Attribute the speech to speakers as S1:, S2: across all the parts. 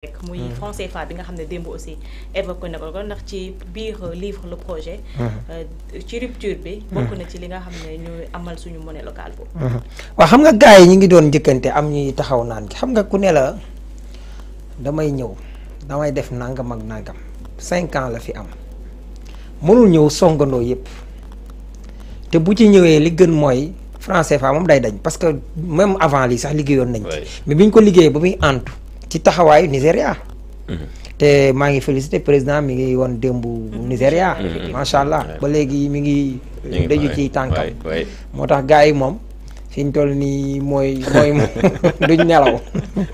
S1: rek muy mm-hmm. français fa bi nga xamné ne aussi évoqué na ko ndax ci biir euh, livre le projet mm-hmm. euh, ci rupture bi bokku na ci li nga xamné ñu amal suñu monnaie locale bu mm-hmm.
S2: wa xam nga gaay ñi ngi doon njëkkante am ñuy taxaw naan xam nga ku ne la damay ñëw damay def nangam ak nangam 5 ans la fi am mënul ñëw songandoo yépp te bu ci ñëwee li gën mooy français fa moom day dañ parce que même avant lii sax liggéeyoon nañ ci mais biñ ko liggéeyee ba muy antu ci Hawaii nigeria hmm. té ma ngi félicité président mi ngi won dembu hmm. nigeria hmm. machallah allah ba légui mi ngi. daju ci tankam motax gaay mom fiñ tol ni moy moy duñ nelaw.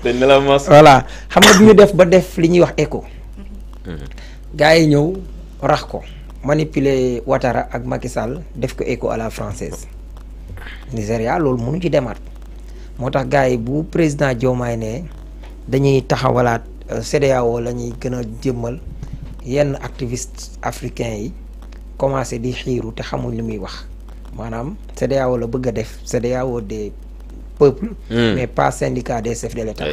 S2: duñ nelaw mo voilà xam nga duñu def ba def liñuy wax écho. gaay ñew rax ko manipuler watara ak Macky def ko écho à la française nigeria lolou mënu ci démat motax gaay bu président Diomaye né dañuy taxawalaat euh, CEDEAO la ñuy gën a jëmmal yenn activiste africain yi commencé di xiiru te xamuñ li muy wax maanaam CEDEAO la bëgg a def CEDEAO des peuples hmm. mais pas syndicat des chefs de l'État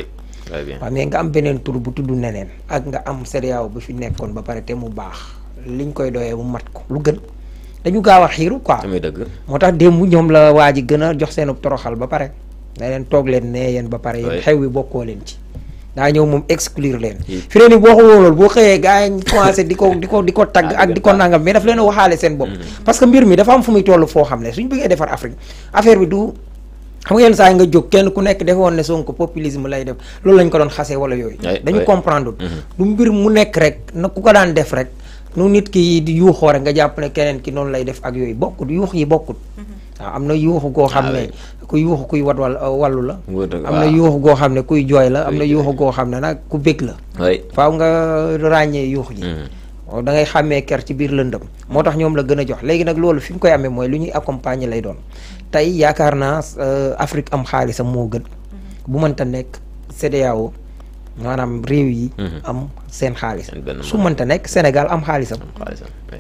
S2: waaw mais nga am beneen tour bu tudd neneen ak nga am CEDEAO bu fi nekkoon ba pare te mu baax liñ koy doyee mu mat ko lu gën dañu gaaw a xiiru quoi moo tax démb ñoom la waa ji gën a jox seen toroxal ba pare ne leen toog leen ne yéen ba pare yéen xew wi bokkoo leen ci daa ñëw moom exclure leen. fi ne nii boo xoolee loolu boo xëyee gars yi commencé di ko ko di ko tagg ah, ak di ko nangam mais daf leen waxaale seen bopp. Mm-hmm. parce que mbir mi dafa am fu muy toll foo xam ne suñ bëggee defar Afrique affaire bi du. xam nga yenn saa yi nga jóg kenn ku nekk defe woon ne Sonko populisme lay def loolu lañ ko doon xasee wala yooyu. dañu comprendre mm-hmm. du mbir mu nekk rek na ku ko daan def rek nu nit ki di yuuxoo rek nga jàpp ne keneen ki noonu lay def ak yooyu bokkut yuux yi bokkut. Mm-hmm. am na yuuxu goo xam ne ah ku yuuxu kuy wat wal uh, wàllu la am na yuuxu goo xam ne kuy jooy la am na yuuxu goo xam ne nag ku bég la faaw nga ràññee yuuxu ji mm. oh, da ngay xàmmee ker ci biir lëndëm moo tax ñoom la gën a jox léegi nag loolu fi mu koy amee mooy lu ñuy accompagner lay doon tey yaakaar naa uh, Afrique am xaalisam moo gën mm-hmm. bu mënta nekk CEDEAO maanaam réew yi mm-hmm. am seen xaalis su mënta nekk Sénégal am xaalisam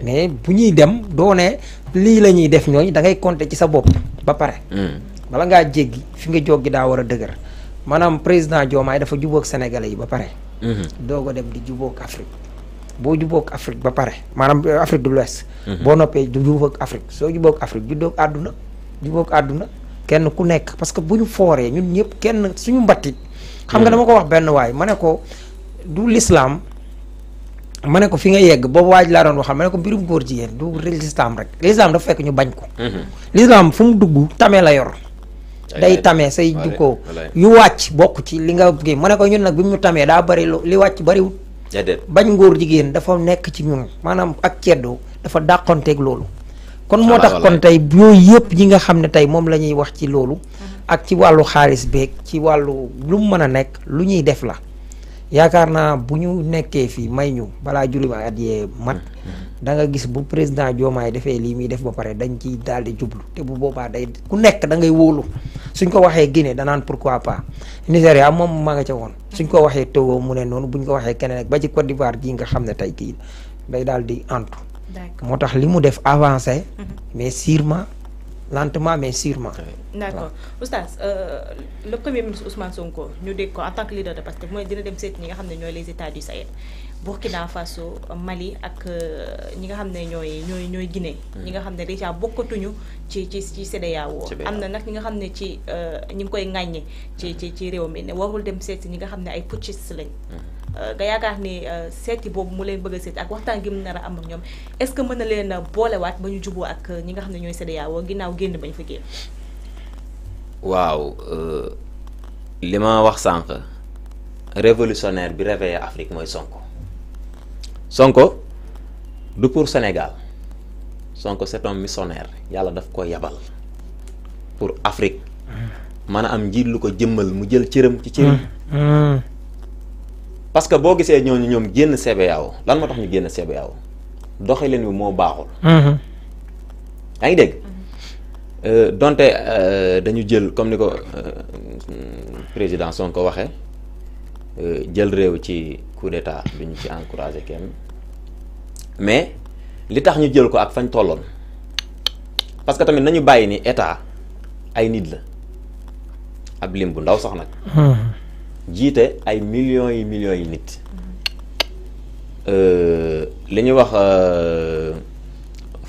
S2: mais bu ñuy dem doone lii la ñuy def ñooy da ngay compter ci sa bopp ba pare. Hmm. bala ngaa jéggi fi nga jóg gi daa war a dëgër maanaam président Diomaye dafa jubóog Sénégalais yi ba pare. Hmm. doo ko dem di jubóog Afrique boo jubóog Afrique ba pare maanaam euh, Afrique du l'Ouest. Hmm. boo noppee du jubóog Afrique soo jubóog Afrique juddoog àdduna jubóog àdduna kenn ku nekk parce que bu ñu fooree ñun ñëpp kenn suñu mbattit xam nga dama ko wax benn waay ma ne ko du lislaam ma ne ko fi nga yegg boobu waaj laa doon waxal ma ne ko mbirum góor jigéen du lislaam rek lislaam dafa fekk ñu bañ ko mhm. lislaam fu mu dugg tame la yor day tame say jukkoo yu wàcc bokk ci li nga kii ma ne ko ñun nag bi mu tamee daa bari li wàcc bariwul bañ ngóor jigéen dafa nekk ci ñun maanaam ak ceddoo dafa dàqonteeg loolu kon moo tax kon tey yooyu yëpp yi nga xam ne tey moom la ñuy wax ci loolu mhm. ak ci wàllu xaalis beeg ci wàllu lu mu mën a nekk lu ñuy def la yaakaar naa bu ñu nekkee fii may ñu balaa juróomi at yee mat mm-hmm. da nga gis bu président Diomaye defee lii muy def ba pare dañ ciy daal di jublu te bu boobaa day ku nekk da ngay wóolu suñ ko waxee Guinée danaan pour pourquoi pas Nigéria moom maa nga ca woon suñ ko waxee Togo mu ne noonu buñ ko waxee keneen ak ba ci Côte d'Ivoire nga xam ne tey kii day daal di antu moo tax li mu def avancé mm-hmm. mais sûrement lentement mais sûrement. d' accord
S1: oustaz euh, le premier ministre que mooy dina dem seet ñi nga xam ne ñooy les euh, ñi nga xam ne ñooy ñooy ñooy Guinée. Hmm. ñi nga xam ne dèjà bokkatuñu ci ci ci CEDEAO am na nag ñi nga xam ne ci euh, ñi ngi koy ŋàññi ci ci ci réew mi ne warul dem seet ñi nga xam ne ay putschistes lañ. Hmm. nga yaakaar ni seeti boobu mu leen bëgg a seeti ak waxtaan gi mu nar a am ñoom est que mën na leen boolewaat ba ñu juboo ak ñi nga xam ne ñooy CEDEAO ginnaaw génn bañ fa génn.
S3: waaw euh, li ma wax sànq révolutionnaire bi réveillé Afrique mooy Sonko Sonko du pour Sénégal Sonko c'est un missionnaire yàlla daf ko yabal pour Afrique mën a am njiit lu ko jëmmal mu jël cëram ci cëram. parce que boo gisee ñooñu ñoom génn CBAO lan moo tax ñu génn CBAO doxalin bi moo baaxul. Mm-hmm. yaa dégg. Euh, donte euh, dañu jël comme ni ko euh, président Sonko ko waxee jël réew ci coup d'état bi ñu ci encouragé kenn mais li tax ñu jël ko ak fañ tolloon parce que tamit nañu bàyyi ni état ay nit la ab lim bu ndaw sax nag hmm. jiite ay millions yi million yi nit li ñuy wax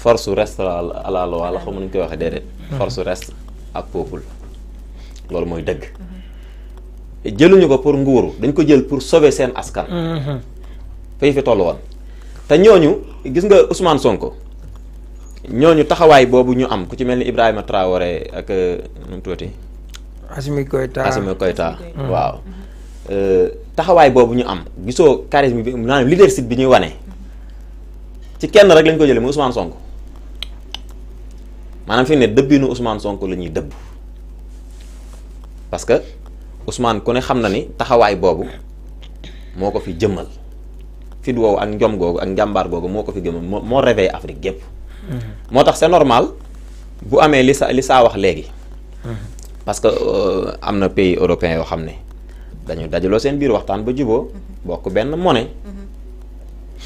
S3: force reste à la loi la koy waxee déedéet. Mhm. force reste ak peuple loolu mooy dëgg. Mhm. jëluñu ko pour nguuru dañ ko jël pour sauver seen askan. Mhm. fay fi toll woon te ñooñu gis nga Ousmane Sonko ñooñu taxawaay boobu ñu am ku ci mel ni Ibrahima Traoré ak euh, nu mu tuuti.
S2: Assimi Goïta
S3: waaw. Euh, taxawaay boobu ñu am gisoo charisme bi maanaam leadership bi ñuy wane ci kenn rek lañ ko jëlee muy Ousmane Sonko. maanaam fi ne dëbbinu Ousmane sonk la ñuy dëbb parce que Ousmane ku ne xam na ni taxawaay boobu moo ko fi jëmmal fit woowu ak njom googu ak njàmbaar googu moo ko fi jëmmal moo moo réveillé Afrique gépp mm-hmm. moo tax c'est normal bu amee li sa li saa wax léegi. Mm-hmm. parce que euh, am na pays européen yoo xam ne dañu dajaloo seen biir waxtaan ba juboo mm-hmm. bokk benn monnaie.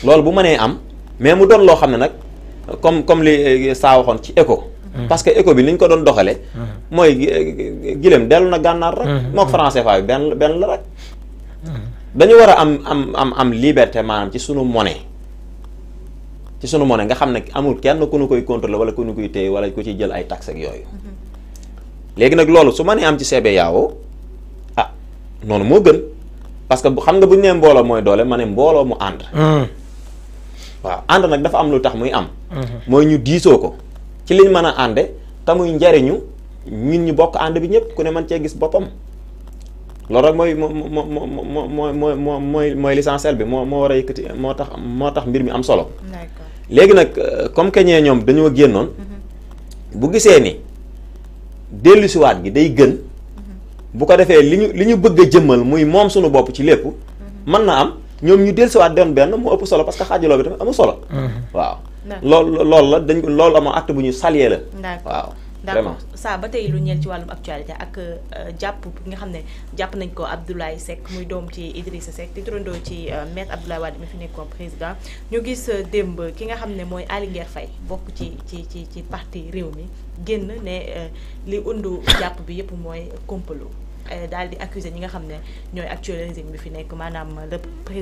S3: loolu bu mënee am mais mu doon loo xam ne nag comme comme li euh, saa waxoon ci éco. Mm-hmm. parce que éco bi ni ñu ko doon doxale mm-hmm. mooy gileem dellu na gànnaar rek. Mm-hmm. mook français faa bi benn benn rek. dañu war a am am am am liberté maanaam ci sunu monnaie. ci sunu monnaie nga xam ne amul kenn ku nu koy contrôler wala ku nu koy téye wala ku ci jël ay taxes ak yooyu. léegi nag loolu su ma nee am ci CBAO ah noonu moo gën parce que xam nga bu ñu ne mbooloo mooy doole ma ne mbooloo mu ànd. waaw ànd nag dafa am lu tax muy am. mooy ñu diisoo ko. ci liñ mëna andé ànde tamuy njariñu ñun ñu bokk and bi ñepp ku ne man ci gis bopam loolu rek moy moy moy moy moy moy l'essentiel bi mo mo war a mo tax mo tax mbir mi am solo. légui nak euh, comme que ñee ñoom dañoo génnoon. Mm-hmm. bu gisé ni waat gi day gën. Mm-hmm. bu ko défé liñu liñu bëgg jëmmal muy mom suñu bop ci lépp. man mm-hmm. na am ñom ñu waat doon benn mo ëpp solo parce que lo bi amu solo. waaw. lool loolu la dañ loolu ama acte bu ñu saluer
S1: la waaw d'accord saa ba tey lu ñeel ci wàllum actualité ak euh, jàpp bi nga xam ne jàpp nañ ko Abdoulaye sekk muy doom ci Idrissa Seck di turandoo ci mais euh, maître Abdoulaye Wade mi fi nekkoon président ñu gis euh, démb ki nga xam ne mooy Aly Nguer bokk ci ci ci ci parti réew mi génn ne li undu jàpp bi yëpp mooy complot daal di accuser ñi nga xam ne ñooy actualisé bi fi nekk maanaam le président